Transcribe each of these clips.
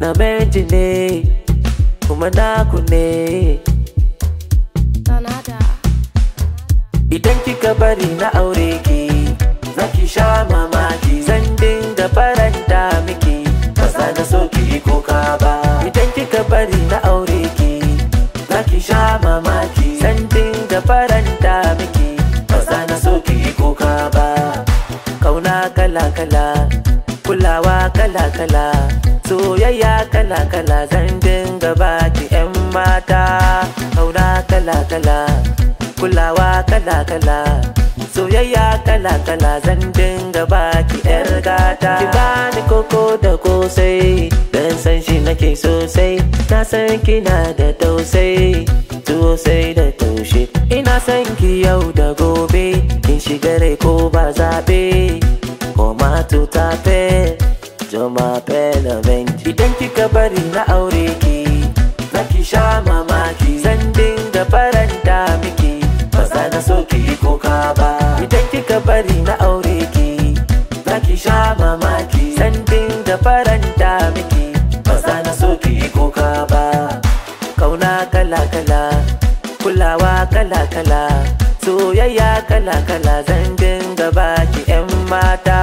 na ne kuma naku ne idan kika bari na aure ki zaki sha mamaki zan dinga faranta miki basa na so ki yi kuka ba idan kika bari na aure ki zaki sha mamaki zan dinga faranta miki basa na so ki kuka ba kauna kala kala kulawa kala-kala soyayya kala-kala zan dinga baki 'yan mata kauna kala-kala kulawa kala-kala soyayya kala-kala zan dinga baki 'yar gata ki bani koko da kosai dan san shi nake sosai na san kina da tausai sosai da taushe ina san ki yau da gobe kin shiga ko ba zaɓe ko ta tuta fe ma fe na benji idan kika bari na aure ki na ki sha mamaki zan dinga faranta miki ba za na so ki yi kuka ba idan kika bari na aure ki na ki sha mamaki zan dinga faranta miki ba za na so ki yi kuka ba kauna kala kala kulawa kala kala soyayya kala kala zan dinga baki yan mata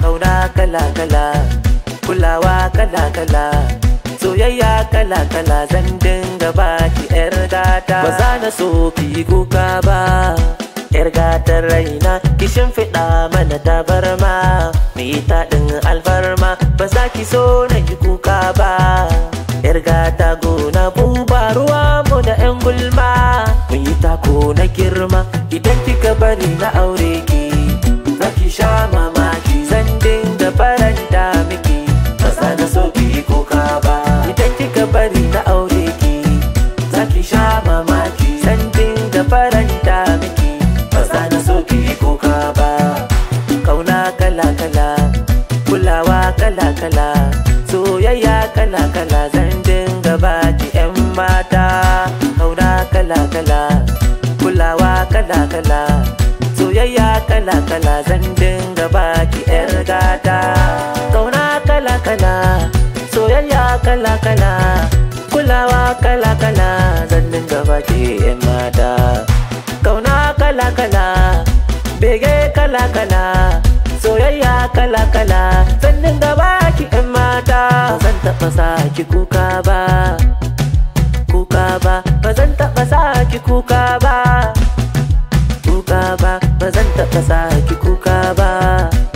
kauna kala-kala kulawa kala-kala soyayya kala-kala zan dinga baki yar gata ba za na so ki kuka ba yar gatar raina ki shimfiɗa mana tabarma mu yi taɗin alfarma ba za ki so na yi kuka ba yar gata gona buba ruwa mu da 'yan gulma mu yi tako na girma idan kika bari na aure kala-kala soyayya kala-kala zan dinga baki 'yan mata haura kala-kala kulawa kala-kala soyayya kala-kala zan dinga baki 'yar gata kauna kala-kala soyayya kala-kala kulawa kala-kala zan dinga baki 'yan mata kauna kala-kala bege kala-kala soyayya kala-kala Sannan da baki 'yan mata zan taɓa saki kuka ba kuka ba ba zan taɓa saki kuka ba kuka ba ba zan taɓa saki kuka ba